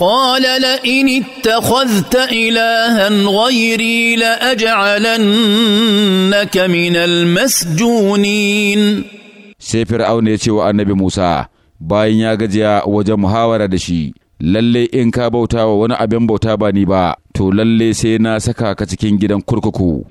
قال لئن اتخذت الها غيري لاجعلنك من المسجونين sai fir'auna ya ce wa annabi musa bayan ya gajiya wajen muhawara da shi lalle in ka bauta wa wani abin bauta ba ni ba to lalle sai na saka ka cikin gidan kurkuku